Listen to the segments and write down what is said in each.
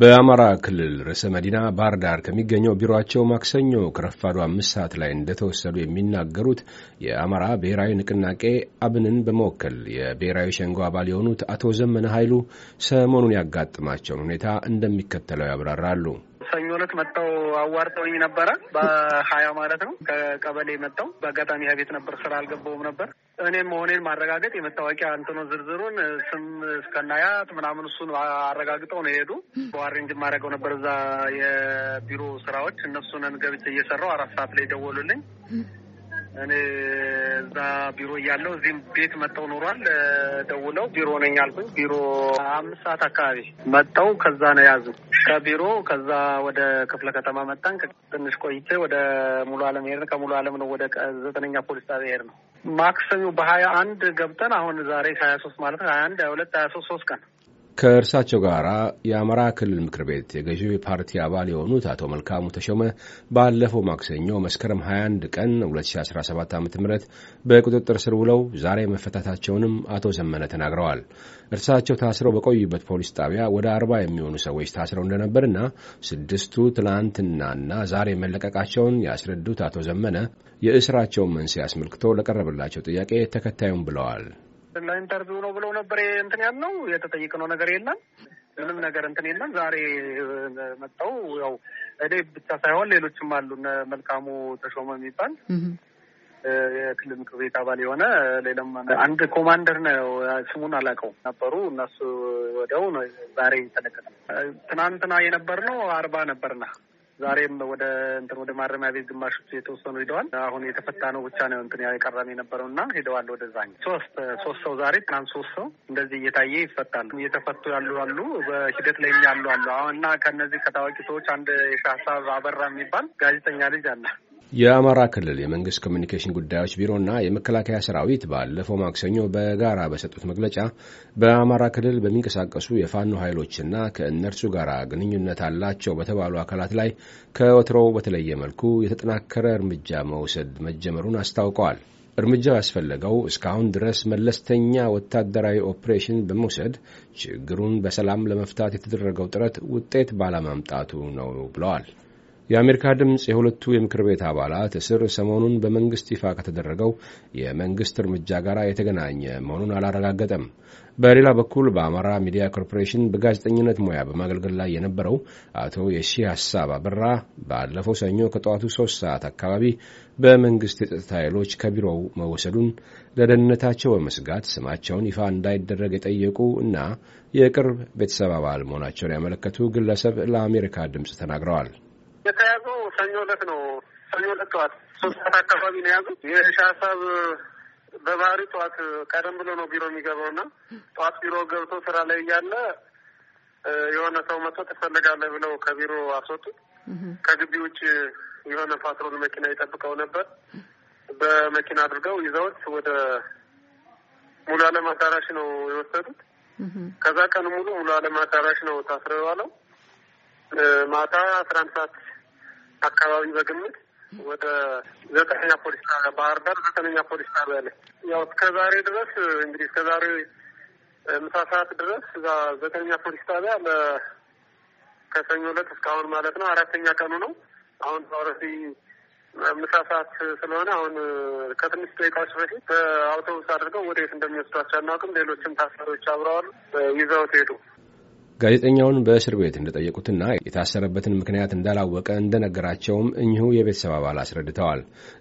በአማራ ክልል ርዕሰ መዲና ባህር ዳር ከሚገኘው ቢሮቸው ማክሰኞ ከረፋዱ አምስት ሰዓት ላይ እንደተወሰዱ የሚናገሩት የአማራ ብሔራዊ ንቅናቄ አብንን በመወከል የብሔራዊ ሸንጎ አባል የሆኑት አቶ ዘመነ ኃይሉ ሰሞኑን ያጋጥማቸውን ሁኔታ እንደሚከተለው ያብራራሉ። ሰኞ ዕለት መጥተው አዋርጠውኝ ነበረ። በሀያ ማለት ነው። ከቀበሌ መጥተው በአጋጣሚ ቤት ነበር ስራ አልገባውም ነበር። እኔ መሆኔን ማረጋገጥ የመታወቂያ እንትኖ ዝርዝሩን ስም እስከናያት ምናምን እሱን አረጋግጠው ነው የሄዱ። በዋሬንጅ የማደርገው ነበር እዛ የቢሮ ስራዎች እነሱን ገብቼ እየሰራው አራት ሰዓት ላይ ደወሉልኝ። እኔ እዛ ቢሮ እያለው እዚህም ቤት መጠው ኖሯል። ደውለው ቢሮ ነኝ አልኩኝ። ቢሮ አምስት ሰዓት አካባቢ መጠው ከዛ ነው ያዙ። ከቢሮ ከዛ ወደ ክፍለ ከተማ መጣን። ትንሽ ቆይቼ ወደ ሙሉ አለም ሄድን። ከሙሉ አለም ነው ወደ ዘጠነኛ ፖሊስ ጣቢያ ሄድ ነው። ማክሰኞ በሀያ አንድ ገብተን አሁን ዛሬ ሀያ ሶስት ማለት ነው ሀያ አንድ ሀያ ሁለት ሀያ ሶስት ሶስት ቀን ከእርሳቸው ጋር የአማራ ክልል ምክር ቤት የገዢው ፓርቲ አባል የሆኑት አቶ መልካሙ ተሾመ ባለፈው ማክሰኞ መስከረም 21 ቀን 2017 ዓ ም በቁጥጥር ስር ውለው ዛሬ መፈታታቸውንም አቶ ዘመነ ተናግረዋል። እርሳቸው ታስረው በቆዩበት ፖሊስ ጣቢያ ወደ አርባ የሚሆኑ ሰዎች ታስረው እንደነበርና ስድስቱ ትናንትናና ዛሬ መለቀቃቸውን ያስረዱት አቶ ዘመነ የእስራቸውን መንስኤ አስመልክቶ ለቀረበላቸው ጥያቄ ተከታዩም ብለዋል። ለኢንተርቪው ነው ብለው ነበር እንትን ያልነው የተጠየቅነው ነገር የለም። ምንም ነገር እንትን የለም። ዛሬ መጣው ያው እኔ ብቻ ሳይሆን ሌሎችም አሉ። መልካሙ ተሾመ የሚባል የክልል ምክር ቤት አባል የሆነ ሌላም አንድ ኮማንደር ነው ስሙን አላውቀው ነበሩ። እነሱ ወዲያው ዛሬ ተለቀጠ። ትናንትና የነበር ነው አርባ ነበርና ዛሬም ወደ እንትን ወደ ማረሚያ ቤት ግማሽ የተወሰኑ ሂደዋል። አሁን የተፈታ ነው ብቻ ነው እንትን የቀረን የነበረው እና ሂደዋል ወደዛ። ሶስት ሶስት ሰው ዛሬ ትናንት ሶስት ሰው እንደዚህ እየታየ ይፈታሉ። እየተፈቱ ያሉ አሉ፣ በሂደት ላይ ያሉ አሉ አሁን እና ከነዚህ ከታዋቂ ሰዎች አንድ የሻሳ አበራ የሚባል ጋዜጠኛ ልጅ አለ የአማራ ክልል የመንግስት ኮሚኒኬሽን ጉዳዮች ቢሮና የመከላከያ ሰራዊት ባለፈው ማክሰኞ በጋራ በሰጡት መግለጫ በአማራ ክልል በሚንቀሳቀሱ የፋኖ ኃይሎችና ከእነርሱ ጋር ግንኙነት አላቸው በተባሉ አካላት ላይ ከወትሮው በተለየ መልኩ የተጠናከረ እርምጃ መውሰድ መጀመሩን አስታውቀዋል። እርምጃው ያስፈለገው እስካሁን ድረስ መለስተኛ ወታደራዊ ኦፕሬሽን በመውሰድ ችግሩን በሰላም ለመፍታት የተደረገው ጥረት ውጤት ባለማምጣቱ ነው ብለዋል። የአሜሪካ ድምፅ የሁለቱ የምክር ቤት አባላት እስር ሰሞኑን በመንግስት ይፋ ከተደረገው የመንግስት እርምጃ ጋር የተገናኘ መሆኑን አላረጋገጠም። በሌላ በኩል በአማራ ሚዲያ ኮርፖሬሽን በጋዜጠኝነት ሙያ በማገልገል ላይ የነበረው አቶ የሺህ ሀሳብ አበራ ባለፈው ሰኞ ከጠዋቱ ሶስት ሰዓት አካባቢ በመንግስት የጸጥታ ኃይሎች ከቢሮው መወሰዱን ለደህንነታቸው በመስጋት ስማቸውን ይፋ እንዳይደረግ የጠየቁ እና የቅርብ ቤተሰብ አባል መሆናቸውን ያመለከቱ ግለሰብ ለአሜሪካ ድምፅ ተናግረዋል። የተያዘው ሰኞ ዕለት ነው። ሰኞ ዕለት ጠዋት ሶስት ሰዓት አካባቢ ነው የያዙት። የሻ ሀሳብ በባህሪ ጠዋት ቀደም ብሎ ነው ቢሮ የሚገባውና ጠዋት ቢሮ ገብቶ ስራ ላይ እያለ የሆነ ሰው መጥቶ ትፈልጋለህ ብለው ከቢሮ አስወጡት። ከግቢ ውጭ የሆነ ፓትሮል መኪና ይጠብቀው ነበር። በመኪና አድርገው ይዘውት ወደ ሙሉ አለም አዳራሽ ነው የወሰዱት። ከዛ ቀን ሙሉ ሙሉ አለም አዳራሽ ነው ታስረዋለው። ማታ አስራ አንድ ሰዓት አካባቢ በግምት ወደ ዘጠነኛ ፖሊስ ጣቢያ ባህር ዳር ዘጠነኛ ፖሊስ ጣቢያ ላይ ያው እስከ ዛሬ ድረስ እንግዲህ እስከ ዛሬ ምሳ ሰዓት ድረስ እዛ ዘጠነኛ ፖሊስ ጣቢያ ከሰኞ ዕለት እስካሁን ማለት ነው አራተኛ ቀኑ ነው። አሁን ኦልሬዲ ምሳ ሰዓት ስለሆነ አሁን ከትንሽ ደቂቃዎች በፊት በአውቶቡስ አድርገው ወደ የት እንደሚወስዷቸው አናውቅም። ሌሎችም ታሳሪዎች አብረዋል ይዘውት ሄዱ። ጋዜጠኛውን በእስር ቤት እንደጠየቁትና የታሰረበትን ምክንያት እንዳላወቀ እንደነገራቸውም እኚሁ የቤተሰብ አባል አስረድተዋል።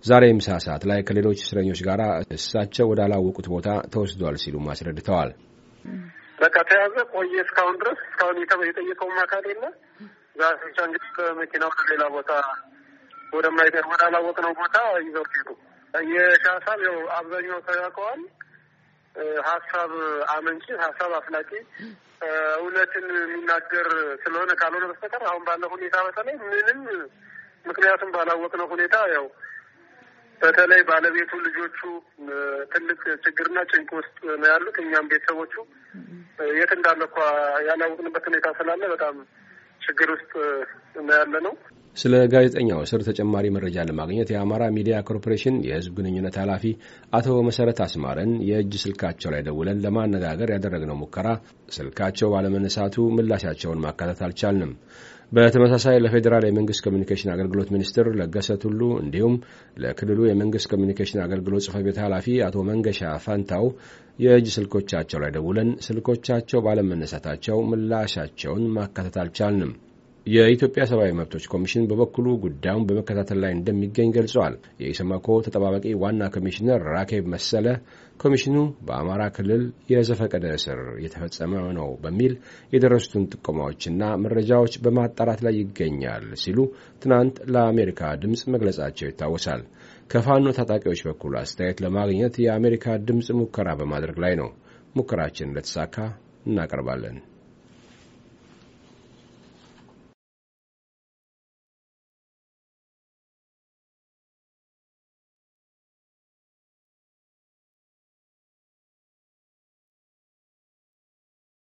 ዛሬ ምሳ ሰዓት ላይ ከሌሎች እስረኞች ጋር እሳቸው ወዳላወቁት ቦታ ተወስዷል ሲሉም አስረድተዋል። በቃ ተያዘ ቆየ እስካሁን ድረስ እስካሁን የጠየቀውም አካል የለ። ዛሬ ብቻ እንግዲህ ከመኪናው ከሌላ ቦታ ወደማይደር ወዳላወቅ ነው ቦታ ይዘው ሄዱ። የሻሳም ያው አብዛኛው ተያውቀዋል። ሀሳብ አመንጭ፣ ሀሳብ አፍላቂ፣ እውነትን የሚናገር ስለሆነ ካልሆነ በስተቀር አሁን ባለው ሁኔታ በተለይ ምንም ምክንያቱም ባላወቅነው ሁኔታ ያው በተለይ ባለቤቱ ልጆቹ ትልቅ ችግርና ጭንቅ ውስጥ ነው ያሉት። እኛም ቤተሰቦቹ የት እንዳለ እኳ ያላወቅንበት ሁኔታ ስላለ በጣም ችግር ውስጥ ነው ያለ ነው። ስለ ጋዜጠኛው እስር ተጨማሪ መረጃ ለማግኘት የአማራ ሚዲያ ኮርፖሬሽን የህዝብ ግንኙነት ኃላፊ አቶ መሰረት አስማረን የእጅ ስልካቸው ላይ ደውለን ለማነጋገር ያደረግነው ሙከራ ስልካቸው ባለመነሳቱ ምላሻቸውን ማካተት አልቻልንም። በተመሳሳይ ለፌዴራል የመንግስት ኮሚኒኬሽን አገልግሎት ሚኒስትር ለገሰ ቱሉ እንዲሁም ለክልሉ የመንግስት ኮሚኒኬሽን አገልግሎት ጽፈት ቤት ኃላፊ አቶ መንገሻ ፋንታው የእጅ ስልኮቻቸው ላይ ደውለን ስልኮቻቸው ባለመነሳታቸው ምላሻቸውን ማካተት አልቻልንም። የኢትዮጵያ ሰብአዊ መብቶች ኮሚሽን በበኩሉ ጉዳዩን በመከታተል ላይ እንደሚገኝ ገልጸዋል። የኢሰመኮ ተጠባባቂ ዋና ኮሚሽነር ራኬብ መሰለ ኮሚሽኑ በአማራ ክልል የዘፈቀደ እስር እየተፈጸመ ነው በሚል የደረሱትን ጥቆማዎችና መረጃዎች በማጣራት ላይ ይገኛል ሲሉ ትናንት ለአሜሪካ ድምፅ መግለጻቸው ይታወሳል። ከፋኖ ታጣቂዎች በኩል አስተያየት ለማግኘት የአሜሪካ ድምፅ ሙከራ በማድረግ ላይ ነው። ሙከራችን ለተሳካ እናቀርባለን።